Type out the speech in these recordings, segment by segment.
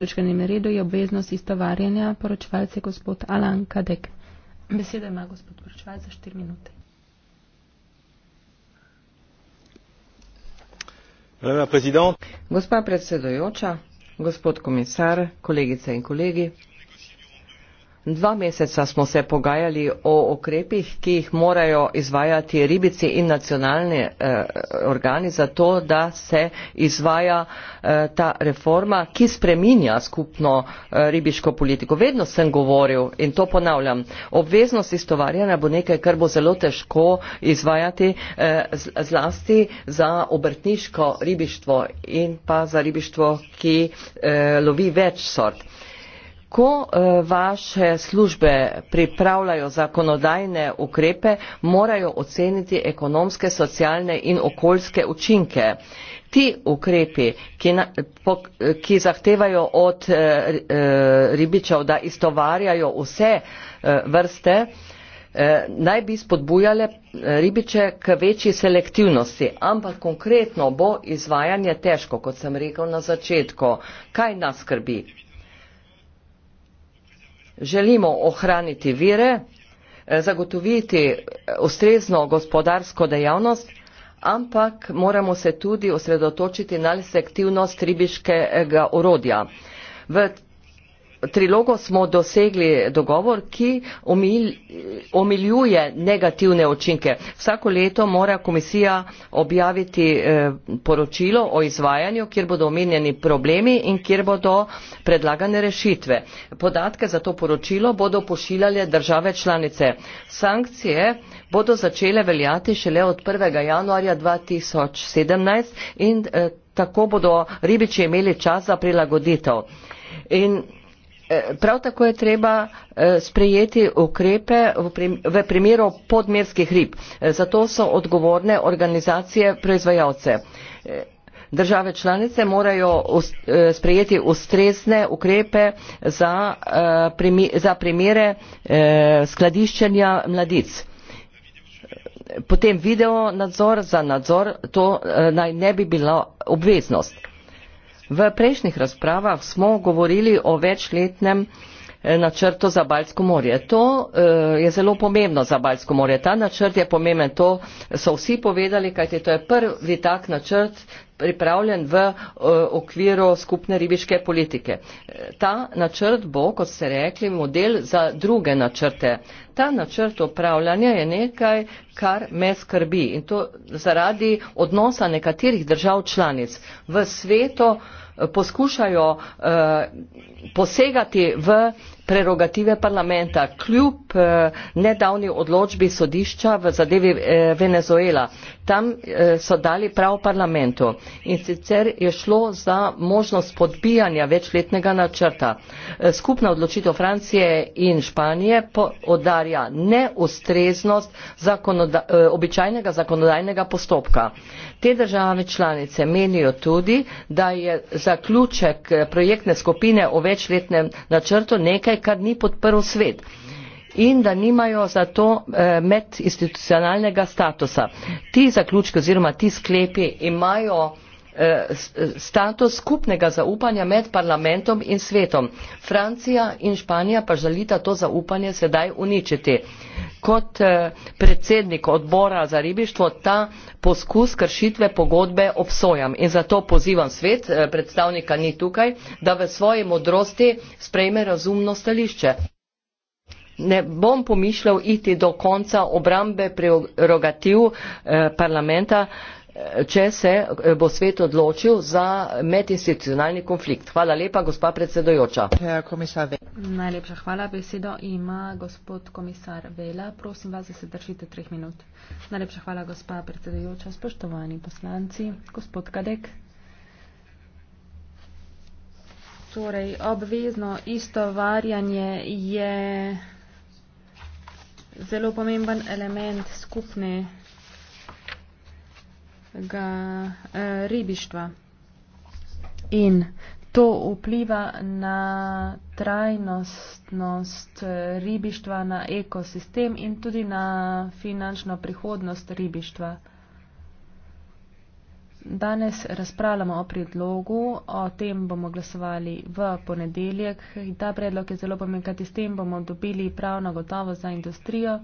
točkanem redu je obveznost istovarjanja poročevalce gospod Alan Kadek. Beseda ima gospod poročevalce za 4 minute. Gospa predsedojoča, gospod komisar, kolegice in kolegi. Dva meseca smo se pogajali o okrepih, ki jih morajo izvajati ribici in nacionalni eh, organi za to, da se izvaja eh, ta reforma, ki spreminja skupno eh, ribiško politiko. Vedno sem govoril in to ponavljam. Obveznost istovarjanja bo nekaj, kar bo zelo težko izvajati eh, zlasti za obrtniško ribištvo in pa za ribištvo, ki eh, lovi več sort kako eh, vaše službe pripravljajo zakonodajne ukrepe morajo oceniti ekonomske socialne in okoljske učinke ti ukrepi ki, na, po, eh, ki zahtevajo od e, ribičev da istovarjajo vse e, vrste naj bi spodbujale ribiče k večji selektivnosti, ampak konkretno bo izvajanje težko, kot sem rekel na začetku. Kaj nas skrbi? želimo ohraniti vire, eh, zagotoviti eh, ustrezno gospodarsko dejavnost, ampak moramo se tudi osredotočiti na selektivnost ribiškega urodja. V trilogu smo dosegli dogovor, ki omiljuje negativne učinke. Vsako leto mora komisija objaviti eh, poročilo o izvajanju, kjer bodo omenjeni problemi in kjer bodo predlagane rešitve. Podatke za to poročilo bodo pošiljale države članice. Sankcije bodo začele veljati šele od 1. januarja 2017 in eh, tako bodo ribiči imeli čas za prilagoditev. In Eh, prav tako je treba eh, sprejeti ukrepe v primeru podmerskih rib eh, zato so odgovorne organizacije proizvajalce. države članice morajo sprejeti ustrezne ukrepe za, za primere skladiščenja mladic potem video nadzor za nadzor to naj ne bi bila obveznost. V prejšnjih razpravah smo govorili o večletnem načrto za Baljsko morje. To eh, je zelo pomembno za Baljsko morje. Ta načrt je pomemben, to so vsi povedali, kajte to je prvi tak načrt pripravljen v eh, okviru skupne ribiške politike. Eh, ta načrt bo, kot ste rekli, model za druge načrte. Ta načrt upravljanja je nekaj, kar me skrbi in to zaradi odnosa nekaterih držav članic v svetu poskušajo uh, posegati v uh, prerogative parlamenta kljub eh, nedavni odločbi sodišča v zadevi eh, Venezuela. Tam eh, so dali prav parlamentu in sicer je šlo za možnost podbijanja večletnega načrta. Skupna odločitev Francije in Španije podarja neustreznost zakonoda običajnega zakonodajnega postopka. Te države članice menijo tudi, da je zaključek projektne skupine o večletnem načrtu nekaj, kar ni podprl svet in da nimajo zato eh, medinstitucionalnega statusa. Ti zaključki oziroma ti sklepi imajo Eh, status skupnega zaupanja med parlamentom in svetom. Francija in Španija pa želita to zaupanje sedaj uničiti. Kot eh, predsednik odbora za ribištvo ta poskus kršitve pogodbe obsojam in zato pozivam svet, eh, predstavnika ni tukaj, da v svoji modrosti sprejme razumno stališče. Ne bom pomišljal iti do konca obrambe prerogativ parlamenta, če se eh, bo svet odločil za medinstitucionalni konflikt. Hvala lepa, gospa predsedojoča. Najlepša hvala. Besedo ima gospod komisar Vela. Prosim vas, da se držite treh minut. Najlepša hvala, gospa predsedojoča. Spoštovani poslanci, gospod Kadek. Torej, obvezno isto varjanje je zelo pomemben element skupne ga eh, ribištva. In to vpliva na trajnostnost eh, ribištva, na ekosistem in tudi na finančno prihodnost ribištva. Danes razpravljamo o predlogu, o tem bomo glasovali v ponedeljek. Ta predlog je zelo pomemben, kajti s tem bomo dobili pravno gotovo za industrijo,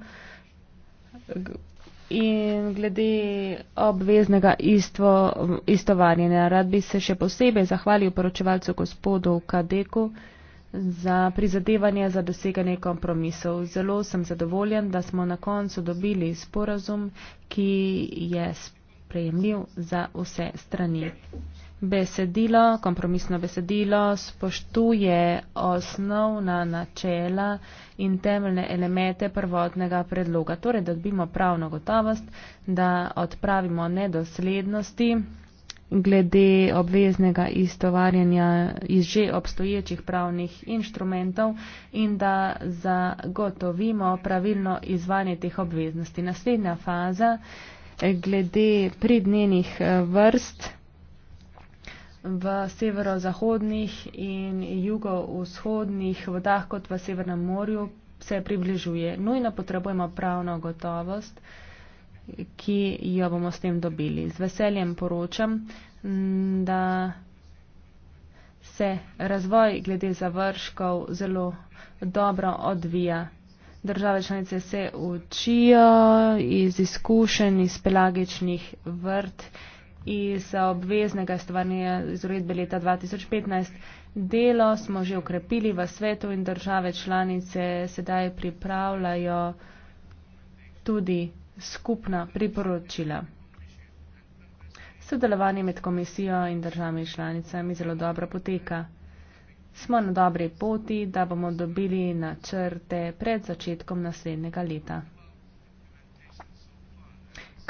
in glede obveznega istvo, istovarjenja. Rad bi se še posebej zahvalil poročevalcu gospodu Kadeku za prizadevanje za doseganje kompromisov. Zelo sem zadovoljen, da smo na koncu dobili sporazum, ki je sprejemljiv za vse strani besedilo, kompromisno besedilo spoštuje osnovna načela in temeljne elemente prvotnega predloga. Torej, da dobimo pravno gotovost, da odpravimo nedoslednosti glede obveznega istovarjanja iz že obstoječih pravnih inštrumentov in da zagotovimo pravilno izvanje teh obveznosti. Naslednja faza glede pridnenih eh, vrst v severozahodnih in jugovzhodnih vodah kot v Severnem morju se približuje. Nujno potrebujemo pravno gotovost, ki jo bomo s tem dobili. Z veseljem poročam, mm, da se razvoj glede završkov zelo dobro odvija. Države članice se učijo iz izkušenj, iz pelagičnih vrt iz obveznega stvarnja iz uredbe leta 2015. Delo smo že ukrepili v svetu in države članice sedaj pripravljajo tudi skupna priporočila. Sodelovanje med komisijo in državami članicami zelo dobro poteka. Smo na dobri poti, da bomo dobili načrte pred začetkom naslednjega leta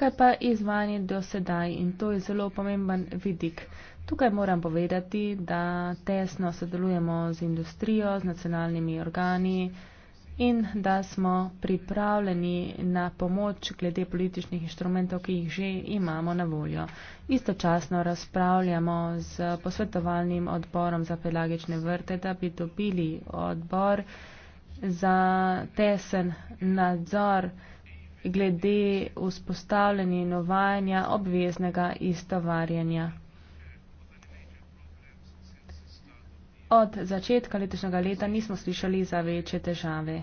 kaj pa izvajanje do sedaj in to je zelo pomemben vidik. Tukaj moram povedati, da tesno sodelujemo z industrijo, z nacionalnimi organi in da smo pripravljeni na pomoč glede političnih inštrumentov, ki jih že imamo na voljo. Istočasno razpravljamo z posvetovalnim odborom za pelagične vrte, da bi dobili odbor za tesen nadzor glede vzpostavljanja in uvajanja obveznega istovarjanja. Od začetka letošnjega leta nismo slišali za večje težave.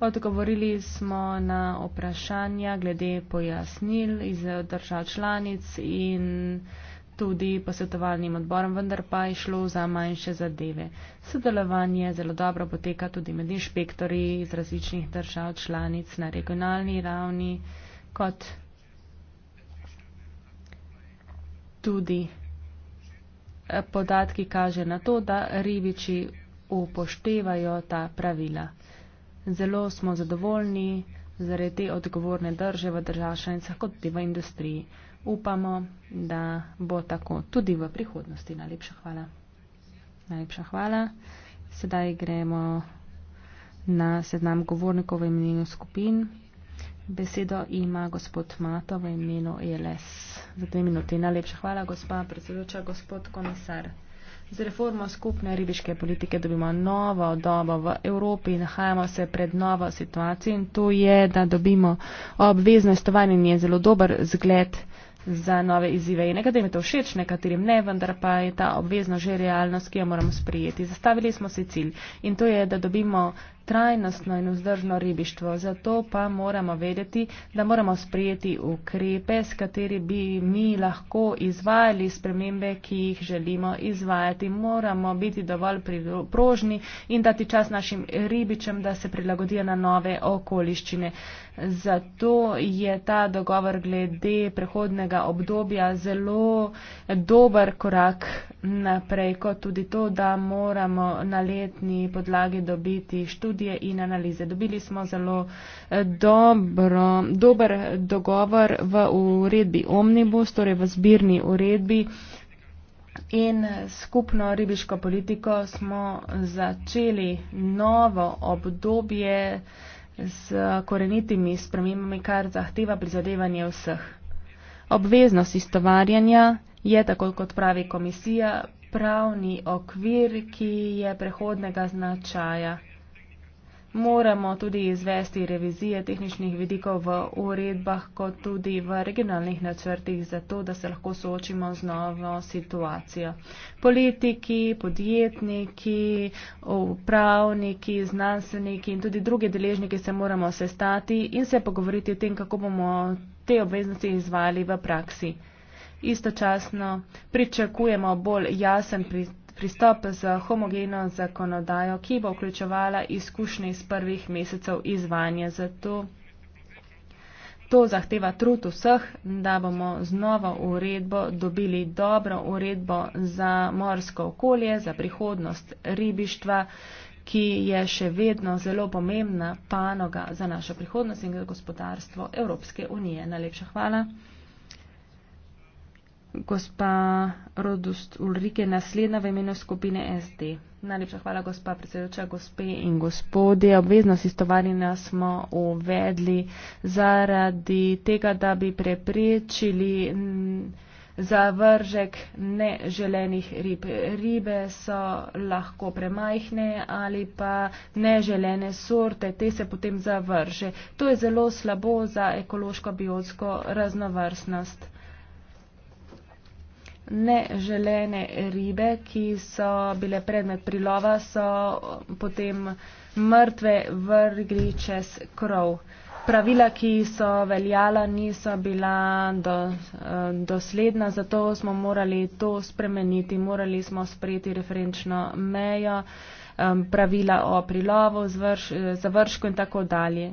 Odgovorili smo na vprašanja glede pojasnil iz držav članic in tudi posvetovalnim odborom, vendar pa je šlo za manjše zadeve. Sodelovanje zelo dobro poteka tudi med inšpektori iz različnih držav članic na regionalni ravni, kot tudi eh, podatki kaže na to, da ribiči upoštevajo ta pravila. Zelo smo zadovoljni zaradi te odgovorne drže v državšanicah kot tudi v industriji upamo, da bo tako tudi v prihodnosti. Najlepša hvala. Najlepša hvala. Sedaj gremo na seznam govornikov v imenu skupin. Besedo ima gospod Mato v imenu ELS. Za dve minuti. Najlepša hvala, gospa predsedujoča, gospod komisar. Z reformo skupne ribiške politike dobimo novo dobo v Evropi in nahajamo se pred novo situacijo in to je, da dobimo obvezno stovanje in je zelo dober zgled za nove izzive. In nekaj, da jim je to všeč, nekaterim ne, vendar pa je ta obvezno že realnost, ki jo moramo sprijeti. Zastavili smo si cilj in to je, da dobimo trajnostno in vzdržno ribištvo. Zato pa moramo vedeti, da moramo sprijeti ukrepe, s kateri bi mi lahko izvajali spremembe, ki jih želimo izvajati. Moramo biti dovolj prožni in dati čas našim ribičem, da se prilagodijo na nove okoliščine. Zato je ta dogovor glede prehodnega obdobja zelo dober korak naprej, kot tudi to, da moramo na letni podlagi dobiti študijo študije in analize. Dobili smo zelo eh, dobro, dober dogovor v uredbi Omnibus, torej v zbirni uredbi. In skupno ribiško politiko smo začeli novo obdobje s korenitimi spremembami, kar zahteva prizadevanje vseh. Obveznost istovarjanja je, tako kot pravi komisija, pravni okvir, ki je prehodnega značaja moramo tudi izvesti revizije tehničnih vidikov v uredbah, kot tudi v regionalnih načrtih, zato da se lahko soočimo z novo situacijo. Politiki, podjetniki, upravniki, znanstveniki in tudi druge deležniki se moramo sestati in se pogovoriti o tem, kako bomo te obveznosti izvali v praksi. Istočasno pričakujemo bolj jasen pristop pristop z homogeno zakonodajo, ki bo vključevala izkušnje iz prvih mesecev izvanja. Zato to zahteva trud vseh, da bomo z novo uredbo dobili dobro uredbo za morsko okolje, za prihodnost ribištva ki je še vedno zelo pomembna panoga za našo prihodnost in gospodarstvo Evropske unije. Najlepša hvala gospa Rodust Ulrike, naslednja v imenu skupine SD. Najlepša hvala, gospa predsedoča, gospe in gospodje. Obveznost istovarjanja smo uvedli zaradi tega, da bi preprečili zavržek neželenih rib. Ribe so lahko premajhne ali pa neželene sorte, te se potem zavrže. To je zelo slabo za ekološko-biotsko raznovrstnost neželene ribe, ki so bile predmet prilova, so potem mrtve vrgli čez krov. Pravila, ki so veljala, niso bila do, eh, dosledna, zato smo morali to spremeniti. Morali smo sprejeti referenčno mejo, eh, pravila o prilovu, eh, završku in tako dalje.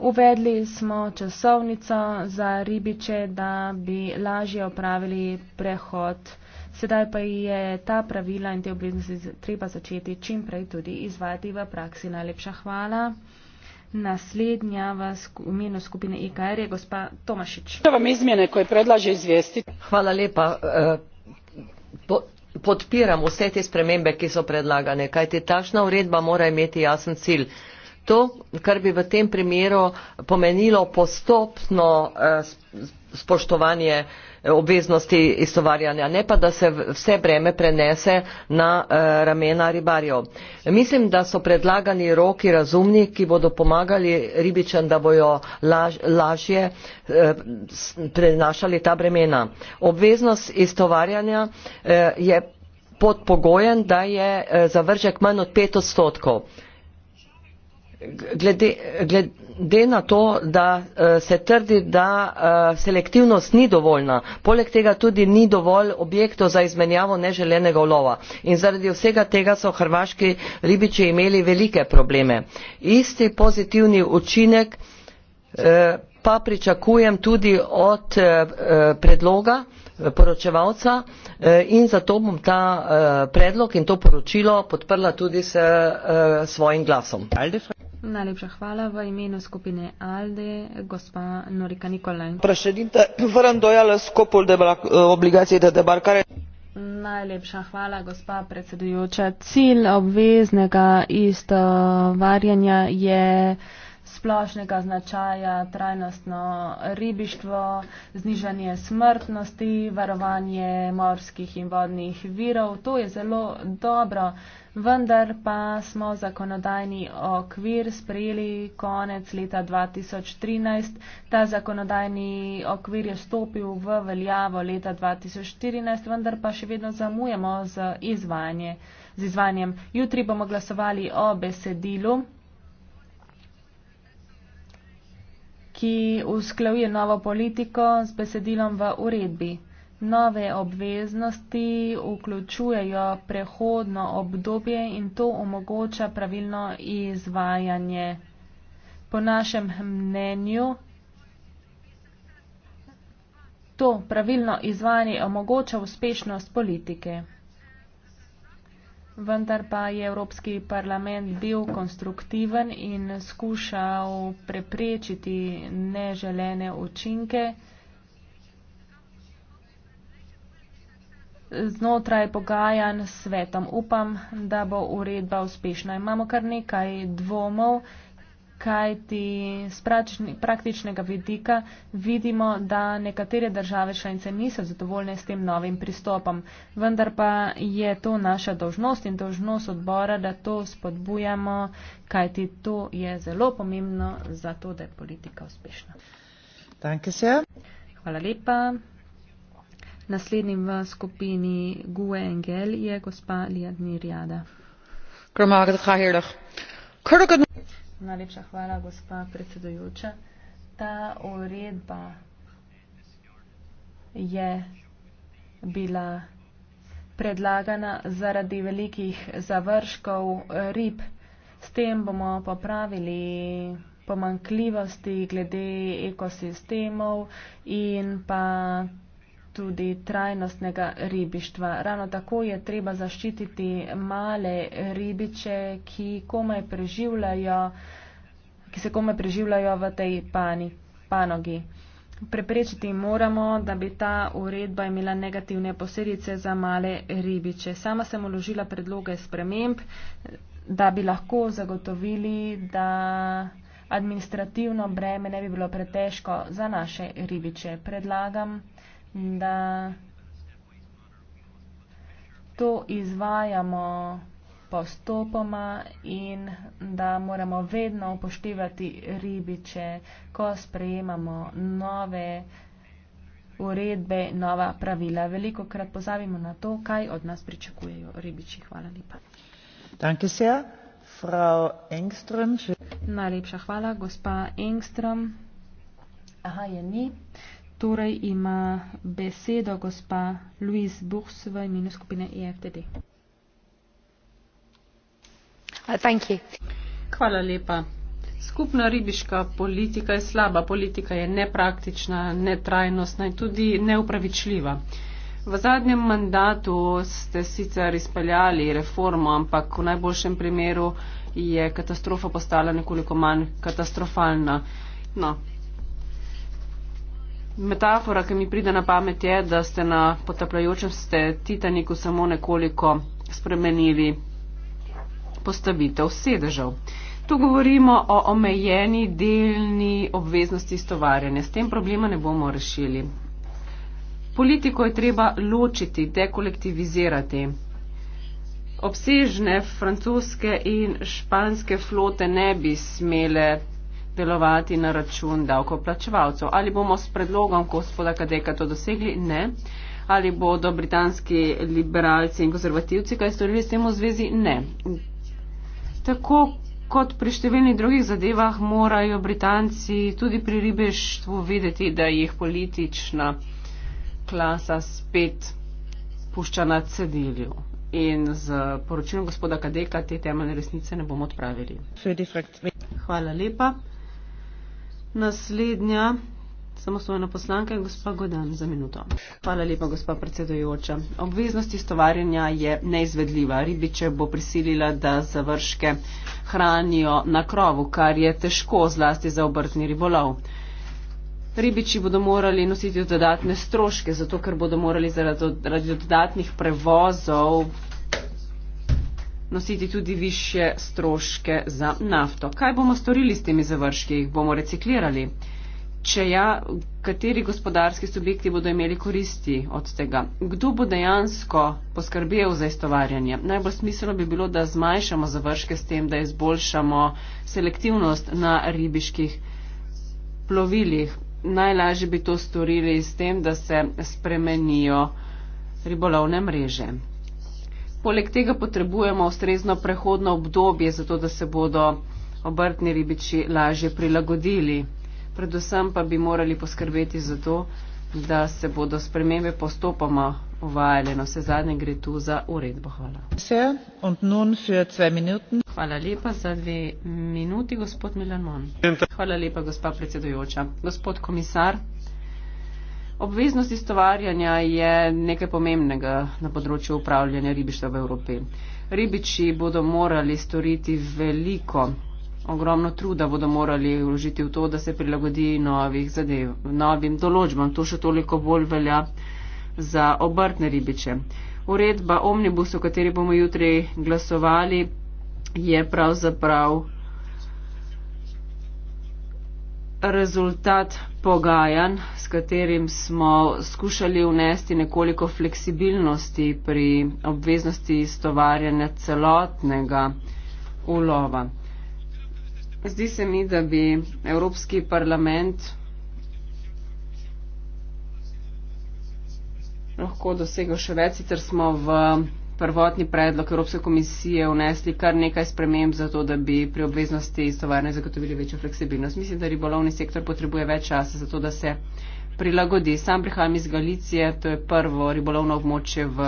Uvedli smo časovnico za ribiče, da bi lažje opravili prehod. Sedaj pa je ta pravila in te obveznosti treba začeti čim prej tudi izvajati v praksi. Najlepša hvala. Naslednja v imenu skupine IKR e je gospa Tomašič. Izmjene, hvala lepa. E, podpiram vse te spremembe, ki so predlagane, kajti tašna uredba mora imeti jasen cilj. To, kar bi v tem primeru pomenilo postopno eh, spoštovanje eh, obveznosti istovarjanja, ne pa da se vse breme prenese na eh, ramena ribarjev. Mislim, da so predlagani roki razumni, ki bodo pomagali ribičem, da bojo laž, lažje prenašali ta bremena. Obveznost istovarjanja je pod pogojem, da je zavržek manj od 5 odstotkov glede, glede na to, da eh, se trdi, da eh, selektivnost ni dovoljna, poleg tega tudi ni dovolj objektov za izmenjavo neželenega ulova. In zaradi vsega tega so hrvaški ribiči imeli velike probleme. Isti pozitivni učinek eh, pa pričakujem tudi od predloga poročevalca in zato bom ta predlog in to poročilo podprla tudi s svojim glasom. Najlepša hvala v imenu skupine ALDE, gospa Norika Nikolaj. Președinte, fără îndoială scopul de obligație de debarcare. Najlepša hvala, gospa predsedujoča. Cilj obveznega istovarjanja je splošnega značaja trajnostno ribištvo, znižanje smrtnosti, varovanje morskih in vodnih virov. To je zelo dobro vendar pa smo zakonodajni okvir sprejeli konec leta 2013. Ta zakonodajni okvir je stopil v veljavo leta 2014, vendar pa še vedno zamujemo z, izvajanje, z izvajanjem. Jutri bomo glasovali o besedilu ki usklajuje novo politiko z besedilom v uredbi. Nove obveznosti vključujejo prehodno obdobje in to omogoča pravilno izvajanje. Po našem mnenju to pravilno izvajanje omogoča uspešnost politike. Vendar pa je Evropski parlament bil konstruktiven in skušal preprečiti neželene učinke. znotraj pogajan s svetom. Upam, da bo uredba uspešna. Imamo kar nekaj dvomov, kaj ti z praktičnega vidika vidimo, da nekatere države članice niso zadovoljne s tem novim pristopom. Vendar pa je to naša dožnost in dožnost odbora, da to spodbujamo, kaj ti to je zelo pomembno za to, da je politika uspešna. Danke sehr. Hvala lepa. Naslednjim v skupini Gue Engel je gospa Lijadni Rjada. Najlepša hvala, gospa predsedujoča. Ta uredba je bila predlagana zaradi velikih završkov rib. S tem bomo popravili pomankljivosti glede ekosistemov in pa tudi trajnostnega ribištva. Ravno tako je treba zaščititi male ribiče, ki, komaj ki se komaj preživljajo v tej pani, panogi. Preprečiti moramo, da bi ta uredba imela negativne posledice za male ribiče. Sama sem uložila predloge sprememb, da bi lahko zagotovili, da administrativno breme ne bi bilo pretežko za naše ribiče. Predlagam, da to izvajamo postopoma in da moramo vedno upoštevati ribiče, ko sprejemamo nove uredbe, nova pravila. Veliko krat pozavimo na to, kaj od nas pričakujejo ribiči. Hvala lepa. Danke sehr, Frau Engström. Najlepša hvala, gospa Engström. Aha, je ni. Uh, Torej ima besedo gospa Louise Buchs v imenu skupine EFTD. Uh, thank you. Hvala lepa. Skupna ribiška politika je slaba, politika je nepraktična, netrajnostna in tudi neupravičljiva. V zadnjem mandatu ste sicer izpeljali reformo, ampak v najboljšem primeru je katastrofa postala nekoliko manj katastrofalna. No, Metafora, ki mi pride na pamet, je, da ste na potapljajočem ste Titaniku samo nekoliko spremenili postavitev sedežev. Tu govorimo o omejeni delni obveznosti stovarjanja. S tem problema ne bomo rešili. Politiko je treba ločiti, dekolektivizirati. Obsežne francoske in španske flote ne bi smele delovati na račun davkoplačevalcev. Ali bomo s predlogom gospoda Kadeka to dosegli? Ne. Ali bodo britanski liberalci in konzervativci kaj storili s tem v zvezi? Ne. Tako kot pri številnih drugih zadevah morajo Britanci tudi pri ribištvu videti, da jih politična klasa spet pušča na cedilju. In z poročilom gospoda Kadeka te temeljne resnice ne bomo odpravili. Hvala lepa. Naslednja samostojna poslanka je gospa Godan za minuto. Hvala lepa, gospa predsedojoča. Obveznost istovarjanja je neizvedljiva. Ribiče bo prisilila, da završke hranijo na krovu, kar je težko zlasti za obrtni ribolov. Ribiči bodo morali nositi dodatne stroške, zato ker bodo morali zaradi dodatnih prevozov nositi tudi više stroške za nafto. Kaj bomo storili s temi završki? Jih bomo reciklirali? Če ja, kateri gospodarski subjekti bodo imeli koristi od tega? Kdo bo dejansko poskrbel za istovarjanje? Najbolj smiselno bi bilo, da zmanjšamo završke s tem, da izboljšamo selektivnost na ribiških plovilih. Najlažje bi to storili s tem, da se spremenijo ribolovne mreže. Poleg tega potrebujemo ustrezno prehodno obdobje, zato da se bodo obrtni ribiči lažje prilagodili. Predvsem pa bi morali poskrbeti za to, da se bodo spremembe postopoma uvajale. Na vse zadnje gre tu za uredbo. Hvala. Hvala lepa za dve minuti, gospod Milan Mon. Hvala lepa, gospa predsedujoča. Gospod komisar. Obveznost istovarjanja je nekaj pomembnega na področju upravljanja ribištva v Evropi. Ribiči bodo morali storiti veliko, ogromno truda bodo morali vložiti v to, da se prilagodi novih zadev, novim določbam. To še toliko bolj velja za obrtne ribiče. Uredba omnibus, o kateri bomo jutri glasovali, je pravzaprav rezultat pogajanj, s katerim smo skušali vnesti nekoliko fleksibilnosti pri obveznosti istovarjanja celotnega ulova. Zdi se mi, da bi Evropski parlament lahko dosegel še več, sicer smo v prvotni predlog Evropske komisije vnesli kar nekaj sprememb za to, da bi pri obveznosti iz tovarne zagotovili večjo fleksibilnost. Mislim, da ribolovni sektor potrebuje več časa za to, da se prilagodi. Sam prihajam iz Galicije, to je prvo ribolovno območje v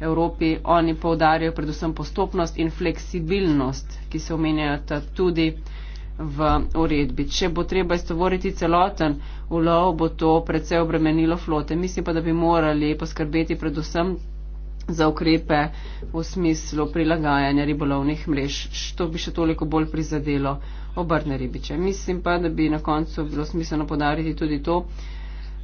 Evropi. Oni poudarjajo predvsem postopnost in fleksibilnost, ki se omenjajo tudi v uredbi. Če bo treba iztovoriti celoten ulov, bo to predvsej obremenilo flote. Mislim pa, da bi morali poskrbeti predvsem za ukrepe v smislu prilagajanja ribolovnih mrež. To bi še toliko bolj prizadelo obrne ribiče. Mislim pa, da bi na koncu bilo smiselno podariti tudi to,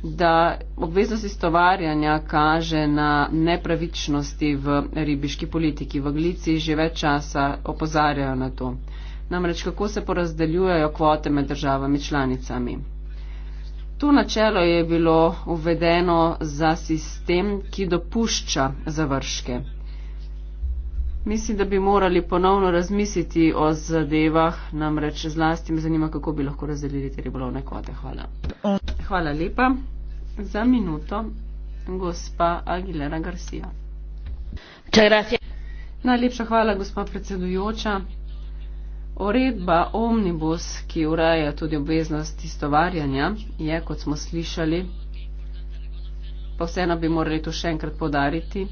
da obveznost istovarjanja kaže na nepravičnosti v ribiški politiki. V Glici že več časa opozarjajo na to. Namreč kako se porazdeljujejo kvote med državami članicami. To načelo je bilo uvedeno za sistem, ki dopušča završke. Mislim, da bi morali ponovno razmisliti o zadevah, namreč zlasti me zanima, kako bi lahko razdelili te ribolovne kvote. Hvala. Hvala lepa. Za minuto, gospa Aguilera Garcia. Najlepša hvala, gospa predsedujoča. Uredba Omnibus, ki ureja tudi obveznost istovarjanja, je, kot smo slišali, pa vseeno bi morali to še enkrat podariti,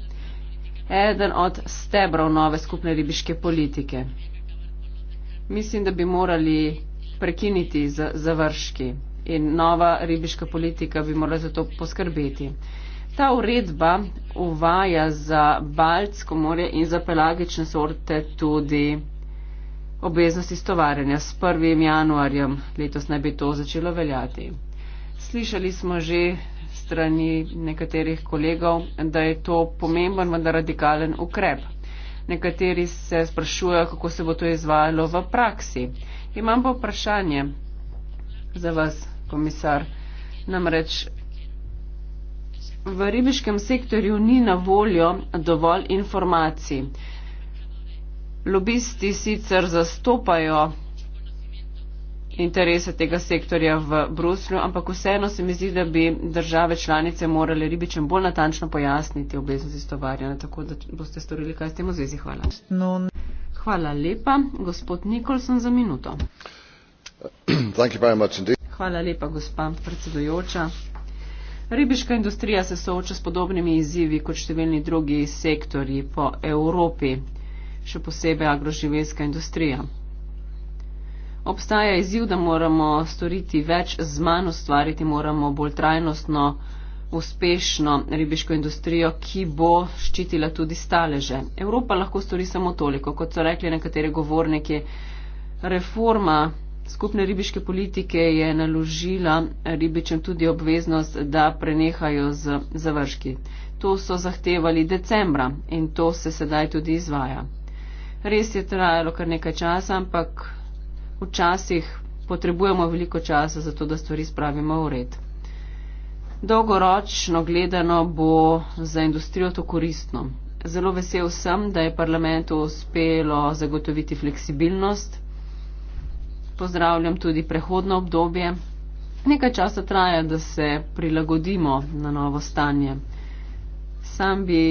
eden od stebrov nove skupne ribiške politike. Mislim, da bi morali prekiniti z završki in nova ribiška politika bi morala za to poskrbeti. Ta uredba uvaja za Baltsko morje in za pelagične sorte tudi obveznosti stovarjanja s 1. januarjem. Letos naj bi to začelo veljati. Slišali smo že strani nekaterih kolegov, da je to pomemben, vendar radikalen ukrep. Nekateri se sprašujejo, kako se bo to izvajalo v praksi. Imam pa vprašanje za vas, komisar. Namreč v ribiškem sektorju ni na voljo dovolj informacij lobisti sicer zastopajo interese tega sektorja v Bruslju, ampak vseeno se mi zdi, da bi države članice morale ribičem bolj natančno pojasniti obveznosti stovarjanja, tako da boste storili kaj s tem v zvezi. Hvala. No. Hvala lepa. Gospod Nikolson za minuto. Hvala lepa, gospa predsedujoča. Ribiška industrija se sooča s podobnimi izzivi kot številni drugi sektori po Evropi še posebej agroživelska industrija. Obstaja izziv, da moramo storiti več z manj, ustvariti moramo bolj trajnostno, uspešno ribiško industrijo, ki bo ščitila tudi staleže. Evropa lahko stori samo toliko, kot so rekli nekateri govorniki. Reforma skupne ribiške politike je naložila ribičem tudi obveznost, da prenehajo z završki. To so zahtevali decembra in to se sedaj tudi izvaja. Res je trajalo kar nekaj časa, ampak včasih potrebujemo veliko časa za to, da stvari spravimo v red. Dolgoročno gledano bo za industrijo to koristno. Zelo vesel sem, da je parlamentu uspelo zagotoviti fleksibilnost. Pozdravljam tudi prehodno obdobje. Nekaj časa traja, da se prilagodimo na novo stanje. Sam bi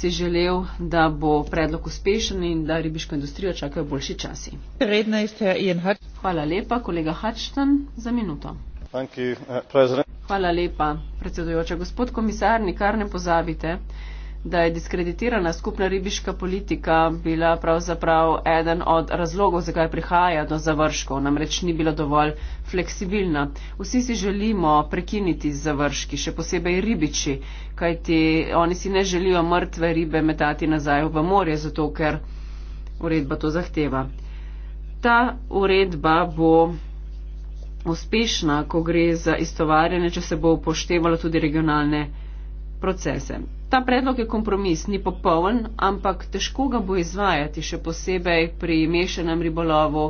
si želel, da bo predlog uspešen in da ribiško industrijo čakajo boljši časi. Hvala lepa, kolega Hačten, za minuto. Uh, Hvala lepa, predsedujoča. Gospod komisar, nikar ne pozabite, da je diskreditirana skupna ribiška politika bila pravzaprav eden od razlogov, zakaj prihaja do završkov. Namreč ni bila dovolj fleksibilna. Vsi si želimo prekiniti završki, še posebej ribiči, kajti oni si ne želijo mrtve ribe metati nazaj v morje, zato ker uredba to zahteva. Ta uredba bo uspešna, ko gre za istovarjanje, če se bo upoštevalo tudi regionalne procese. Ta predlog je kompromis, ni popoln, ampak težko ga bo izvajati, še posebej pri mešanem ribolovu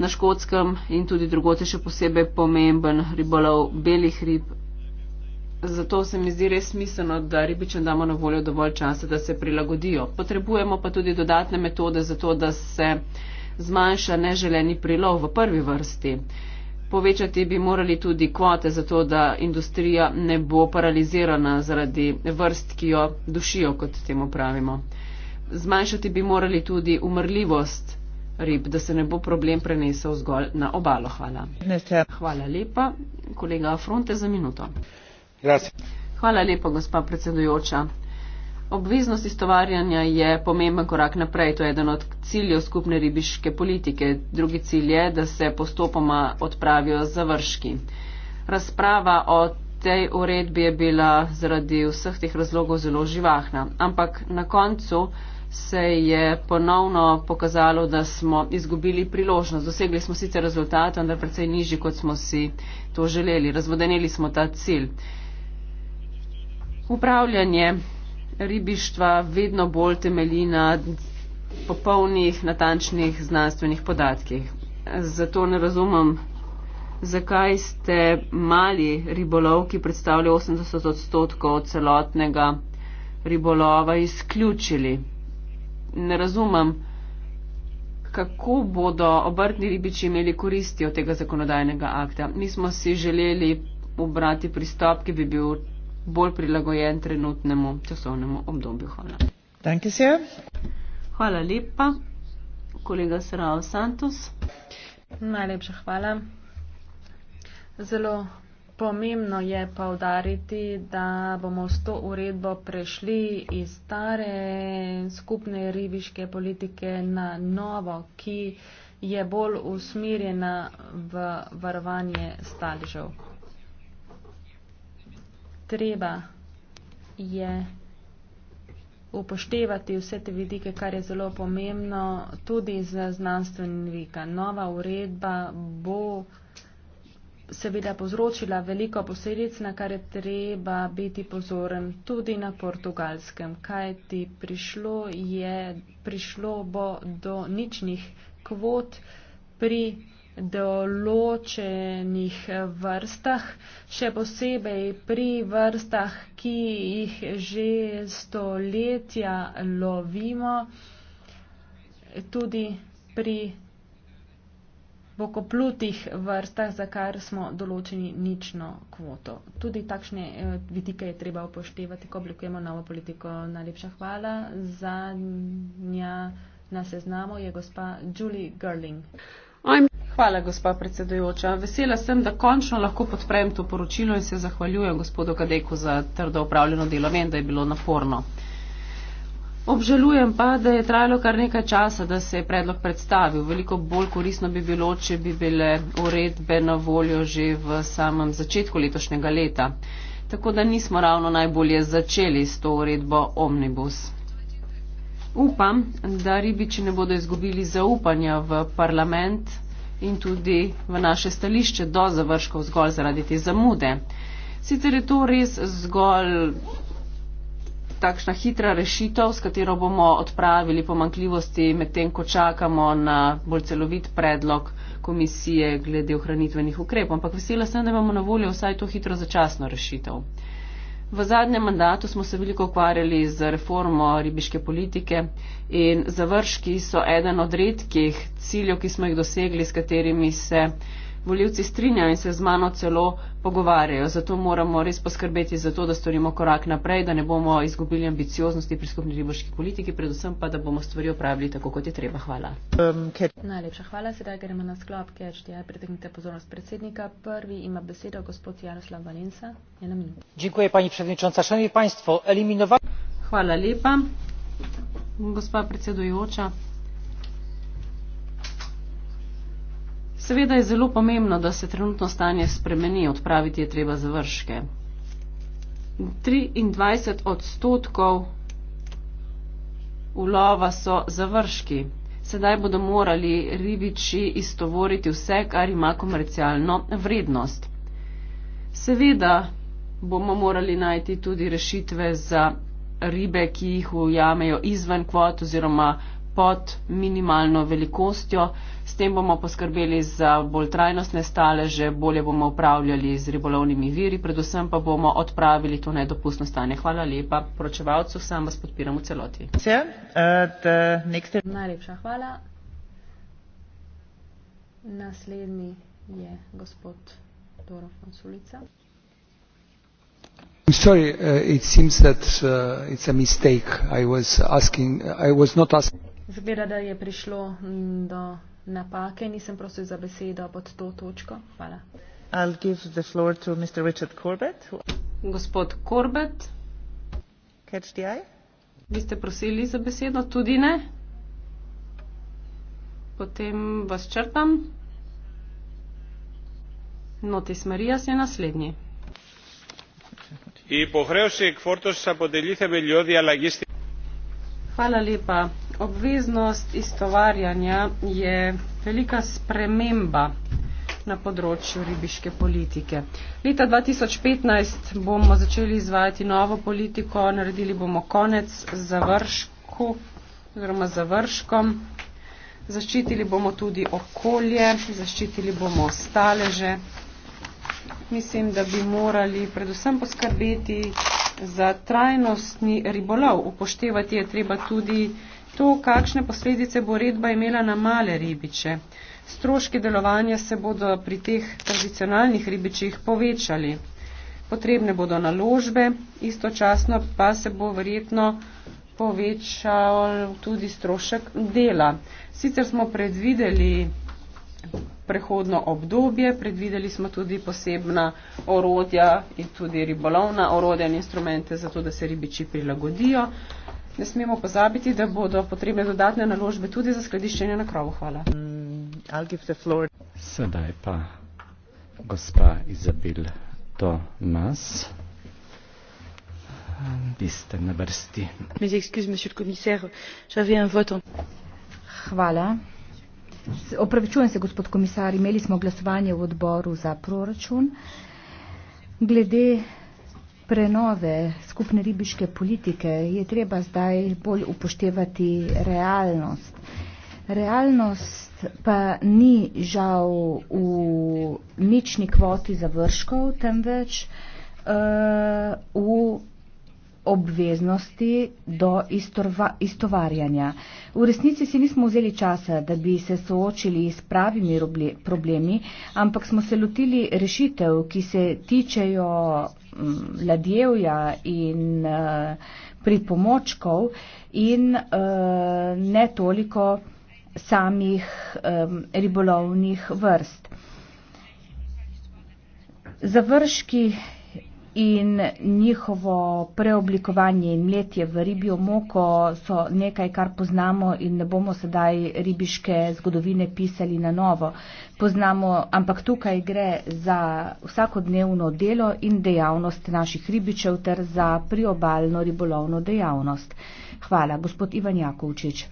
na škotskem in tudi drugote še posebej pomemben ribolov belih rib. Zato se mi zdi res smiselno, da ribičem damo na voljo dovolj časa, da se prilagodijo. Potrebujemo pa tudi dodatne metode za to, da se zmanjša neželeni prilov v prvi vrsti. Povečati bi morali tudi kvote, zato da industrija ne bo paralizirana zaradi vrst, ki jo dušijo, kot temu pravimo. Zmanjšati bi morali tudi umrljivost rib, da se ne bo problem prenesel zgolj na obalo. Hvala. Hvala lepa, kolega Fronte, za minuto. Hvala lepa, gospa predsedujoča. Obveznost istovarjanja je pomemben korak naprej, to je eden od ciljev skupne ribiške politike. Drugi cilj je, da se postopoma odpravijo završki. Razprava o tej uredbi je bila zaradi vseh teh razlogov zelo živahna, ampak na koncu se je ponovno pokazalo, da smo izgubili priložnost. Dosegli smo sicer rezultat, vendar precej nižji, kot smo si to želeli. Razvodenili smo ta cilj. Upravljanje ribištva vedno bolj temelji na popolnih, natančnih znanstvenih podatkih. Zato ne razumem, zakaj ste mali ribolov, ki predstavlja 80 odstotkov celotnega ribolova, izključili. Ne razumem, kako bodo obrtni ribiči imeli koristi od tega zakonodajnega akta. Mi smo si želeli obrati pristop, ki bi bil bolj prilagojen trenutnemu časovnemu obdobju. Hvala. Hvala lepa, kolega Srao Santos. Najlepša hvala. Zelo pomembno je pa udariti, da bomo s to uredbo prešli iz stare skupne ribiške politike na novo, ki je bolj usmirjena v varovanje staležev treba je upoštevati vse te vidike, kar je zelo pomembno tudi za znanstvenika. Nova uredba bo seveda povzročila veliko posledic, na kar je treba biti pozoren tudi na portugalskem, kaj ti prišlo, je, prišlo bo do ničnih kvot pri določenih vrstah, še posebej pri vrstah, ki jih že stoletja lovimo, tudi pri bokoplutih vrstah, za kar smo določeni nično kvoto. Tudi takšne eh, vidike je treba upoštevati, ko oblikujemo novo politiko. Najlepša hvala. Zadnja na seznamu je gospa Julie Gerling. I'm Hvala, gospa predsedujoča. Vesela sem, da končno lahko podprem to poročilo in se zahvaljujem gospodu Kadeku za trdo upravljeno delo. Vem, da je bilo naporno. Obžalujem pa, da je trajalo kar nekaj časa, da se je predlog predstavil. Veliko bolj korisno bi bilo, če bi bile uredbe na voljo že v samem začetku letošnjega leta. Tako da nismo ravno najbolje začeli s to uredbo Omnibus. Upam, da ribiči ne bodo izgubili zaupanja v parlament in tudi v naše stališče do završkov zgolj zaradi te zamude. Sicer je to res zgolj takšna hitra rešitev, s katero bomo odpravili pomankljivosti medtem, ko čakamo na bolj celovit predlog komisije glede ohranitvenih ukrepov. Ampak vesela sem, da imamo na voljo vsaj to hitro začasno rešitev. V zadnjem mandatu smo se veliko ukvarjali z reformo ribiške politike in završki so eden od redkih ciljev, ki smo jih dosegli, s katerimi se voljivci strinjajo in se z mano celo pogovarjajo. Zato moramo res poskrbeti za to, da storimo korak naprej, da ne bomo izgubili ambicioznosti pri skupni ribiški politiki, predvsem pa, da bomo stvari opravili tako, kot je treba. Hvala. Um, ker... Najlepša hvala, sedaj gremo na sklop, ker ste ja pritegnite pozornost predsednika. Prvi ima besedo gospod Jaroslav Valensa. Dziękuję, pani przewodnicząca. Szanowni państwo, eliminowanie. Hvala lepa, gospa predsedujoča. Seveda je zelo pomembno, da se trenutno stanje spremeni, odpraviti je treba završke. 23 odstotkov ulova so završki. Sedaj bodo morali ribiči istovoriti vse, kar ima komercialno vrednost. Seveda bomo morali najti tudi rešitve za ribe, ki jih ujamejo izven kvot oziroma pod minimalno velikostjo. S tem bomo poskrbeli za bolj trajnostne staleže, bolje bomo upravljali z ribolovnimi viri, predvsem pa bomo odpravili to nedopustno stanje. Hvala lepa poročevalcu, sam vas podpiram v celoti. Eh, Najlepša hvala. Naslednji je gospod Doro Fonsulica. I'm sorry, uh, it seems that uh, it's a mistake. I was asking, I was not asking. Zgleda, da je prišlo mm, do napake, nisem prosil za besedo pod to točko. Hvala. I'll give the floor to Mr. Richard Corbett. Gospod Corbett. Catch the eye. Vi ste prosili za besedo, tudi ne. Potem vas črtam. Notis Marijas je naslednji. Hvala lepa obveznost istovarjanja je velika sprememba na področju ribiške politike. Leta 2015 bomo začeli izvajati novo politiko, naredili bomo konec završku oziroma završkom, zaščitili bomo tudi okolje, zaščitili bomo staleže. Mislim, da bi morali predvsem poskrbeti za trajnostni ribolov. Upoštevati je treba tudi uh, to, kakšne posledice bo redba imela na male ribiče. Stroški delovanja se bodo pri teh tradicionalnih ribičih povečali. Potrebne bodo naložbe, istočasno pa se bo verjetno povečal tudi strošek dela. Sicer smo predvideli prehodno obdobje, predvideli smo tudi posebna orodja in tudi ribolovna orodja in instrumente za to, da se ribiči prilagodijo. Ne smemo pozabiti, da bodo potrebne dodatne naložbe tudi za skladiščenje na krovu. Hvala. Mm, Sedaj pa gospa Izabel do nas. Vi ste na vrsti. Hvala. Opravičujem se, gospod komisar, imeli smo glasovanje v odboru za proračun. Glede prenove skupne ribiške politike je treba zdaj bolj upoštevati realnost. Realnost pa ni žal v nični kvoti za vrškov, temveč uh, v obveznosti do istorva, istovarjanja. V resnici si nismo vzeli časa, da bi se soočili s pravimi problemi, ampak smo se lotili rešitev, ki se tičejo mm, ladjevja in eh, pripomočkov in eh, ne toliko samih ribolovnih vrst. Završki in njihovo preoblikovanje in mletje v ribjo moko so nekaj, kar poznamo in ne bomo sedaj ribiške zgodovine pisali na novo. Poznamo, ampak tukaj gre za vsakodnevno delo in dejavnost naših ribičev ter za priobalno ribolovno dejavnost. Hvala, gospod Ivan Jakovčič.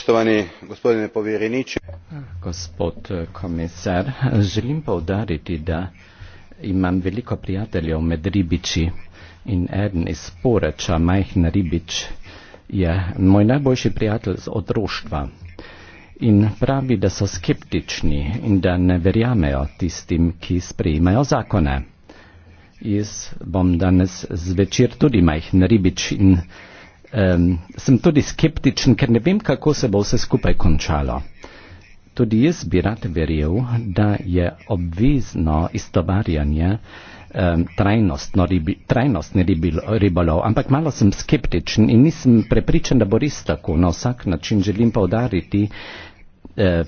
Spoštovani gospodine povereniče. Gospod eh, komisar, želim povdariti, da imam veliko prijateljev med ribiči in eden iz Poreča, majhen ribič, je moj najboljši prijatelj z otroštva in pravi, da so skeptični in da ne verjamejo tistim, ki sprejmajo zakone. Jaz bom danes zvečer tudi majhen ribič in um, sem tudi skeptičen, ker ne vem, kako se bo vse skupaj končalo. Tudi jaz bi rad verjel, da je obvezno istovarjanje um, trajnostno ribi, trajnostni ribi, ribolov, ampak malo sem skeptičen in nisem prepričan, da bo res tako. Na vsak način želim povdariti eh,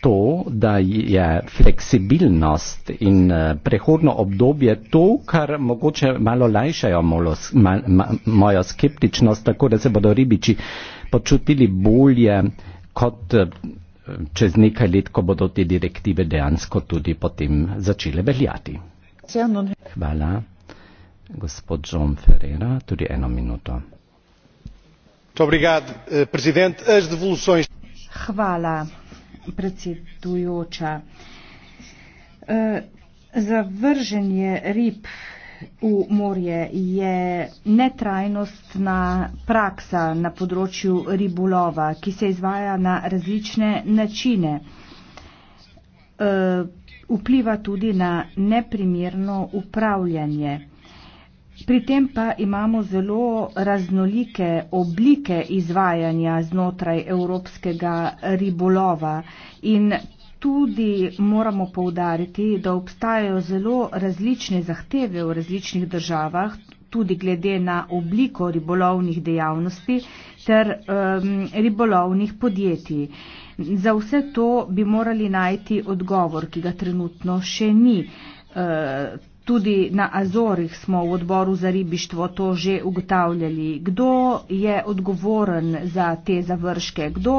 to, da je fleksibilnost in eh, prehodno obdobje to, kar mogoče malo lajšajo molo, ma, ma, mojo skeptičnost, tako da se bodo ribiči počutili bolje kot. Eh, čez nekaj let, ko bodo te direktive dejansko tudi potem začele veljati. Hvala, gospod John Ferreira, tudi eno minuto. Eh, Hvala, predsedujoča. Eh, zavržen je rib v morje je netrajnostna praksa na področju ribolova, ki se izvaja na različne načine. E, vpliva tudi na neprimerno upravljanje. Pri tem pa imamo zelo raznolike oblike izvajanja znotraj evropskega ribolova in tudi moramo povdariti, da obstajajo zelo različne zahteve v različnih državah, tudi glede na obliko ribolovnih dejavnosti ter um, ribolovnih podjetij. Za vse to bi morali najti odgovor, ki ga trenutno še ni. E, tudi na Azorih smo v odboru za ribištvo to že ugotavljali. Kdo je odgovoren za te završke? Kdo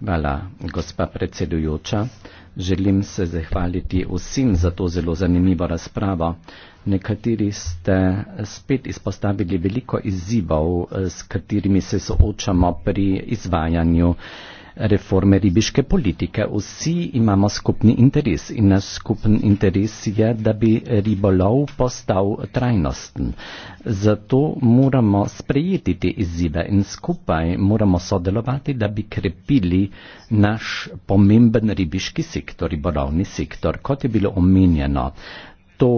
Hvala, gospa predsedujoča. Želim se zahvaliti vsem za to zelo zanimivo razpravo. Nekateri ste spet izpostavili veliko izzivov, s katerimi se soočamo pri izvajanju uh, reforme ribiške politike. Vsi imamo skupni interes in skupen interes je, da bi ribolov postal trajnosten. Zato moramo sprejeti te izzive in skupaj moramo sodelovati, da bi krepili naš pomemben ribiški sektor, ribolovni sektor. Kot je bilo omenjeno, to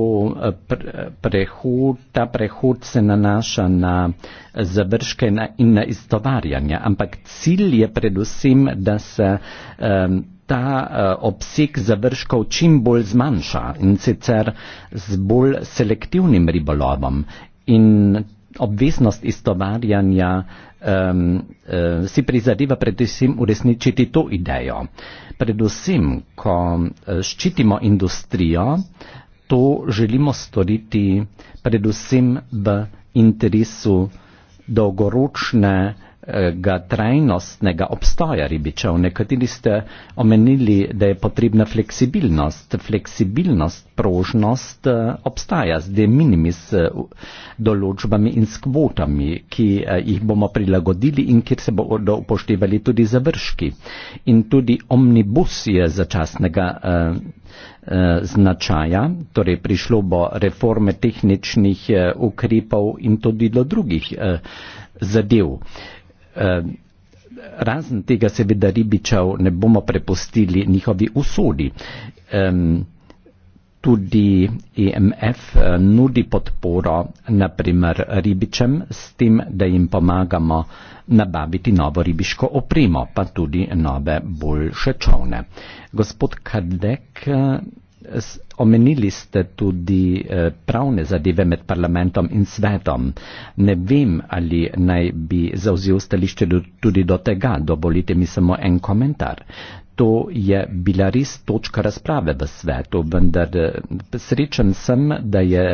eh, prehod, ta prehod se nanaša na zabrške in na istovarjanje, ampak cilj je predvsem, da se um, ta uh, obseg završkov čim bolj zmanjša in sicer z bolj selektivnim ribolovom. In obveznost istovarjanja um, uh, si prizadeva predvsem uresničiti to idejo. Predvsem, ko ščitimo industrijo, to želimo storiti predvsem v interesu dolgoročne ga trajnostnega obstoja ribičev. Nekateri ste omenili, da je potrebna fleksibilnost. Fleksibilnost, prožnost eh, obstaja z de minimis eh, določbami in skvotami, ki eh, jih bomo prilagodili in kjer se bodo upoštevali tudi završki. In tudi omnibus je začasnega značaja, torej prišlo bo reforme tehničnih ukrepov in tudi do drugih zadev. Ehm, razen tega seveda ribičev ne bomo prepustili njihovi usodi. Ehm, tudi IMF e eh, nudi podporo naprimer ribičem s tem, da jim pomagamo nabaviti novo ribiško opremo, pa tudi nove boljše čovne. Gospod Kardek eh, Omenili ste tudi eh, pravne zadeve med parlamentom in svetom. Ne vem, ali naj bi zauzel stališče tudi do tega. Dovolite mi samo en komentar. To je bila res točka razprave v svetu, vendar eh, srečen sem, da je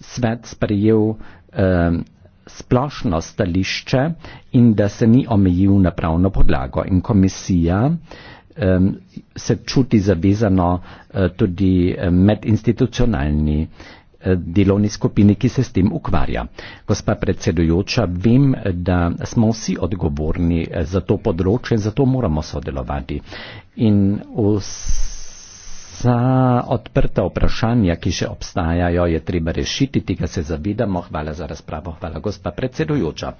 svet sprejel eh, splošno stališče in da se ni omejil na pravno podlago. In komisija eh, um, se čuti zavezano uh, tudi eh, medinstitucionalni uh, delovni skupini, ki se s tem ukvarja. Gospa predsedujoča, vem, da smo vsi odgovorni za to področje in zato moramo sodelovati. In vse Za odprta vprašanja, ki še obstajajo, je treba rešiti, tega se zavidamo. Hvala za razpravo. Hvala, gospa predsedujoča.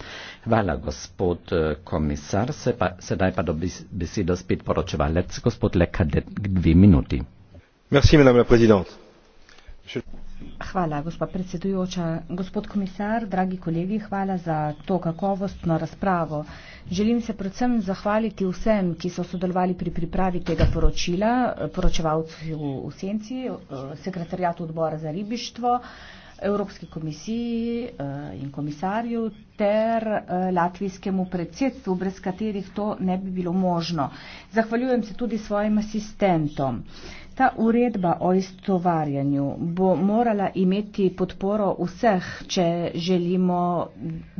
Hvala, gospod eh, komisar. Se pa, sedaj pa dobi besedo spet poročevalec, gospod Lekadet, dve minuti. Merci, madame la prezident. Hvala, gospa predsedujoča. Gospod komisar, dragi kolegi, hvala za to kakovostno razpravo. Želim se predvsem zahvaliti vsem, ki so sodelovali pri pripravi tega poročila, poročevalcu v Senci, sekretarjatu odbora za ribištvo, Evropski komisiji eh, in komisarju ter eh, latvijskemu predsedstvu, brez katerih to ne bi bilo možno. Zahvaljujem se tudi svojim asistentom. Ta uredba o istovarjanju bo morala imeti podporo vseh, če želimo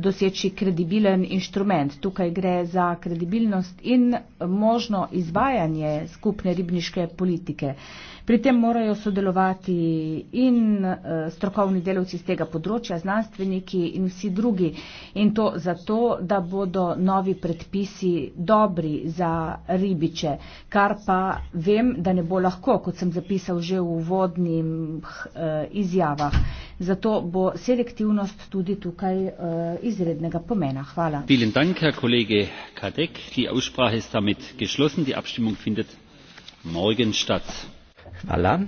doseči kredibilen inštrument. Tukaj gre za kredibilnost in možno izvajanje skupne ribniške politike. Pri tem morajo sodelovati in eh, strokovni delavci z tega področja, znanstveniki in vsi drugi. In to zato, da bodo novi predpisi dobri za ribiče, kar pa vem, da ne bo lahko, kot sem zapisal že v uvodnim eh, izjavah. Zato bo selektivnost tudi tukaj eh, izrednega pomena. Hvala. Morgen statt. Hvala.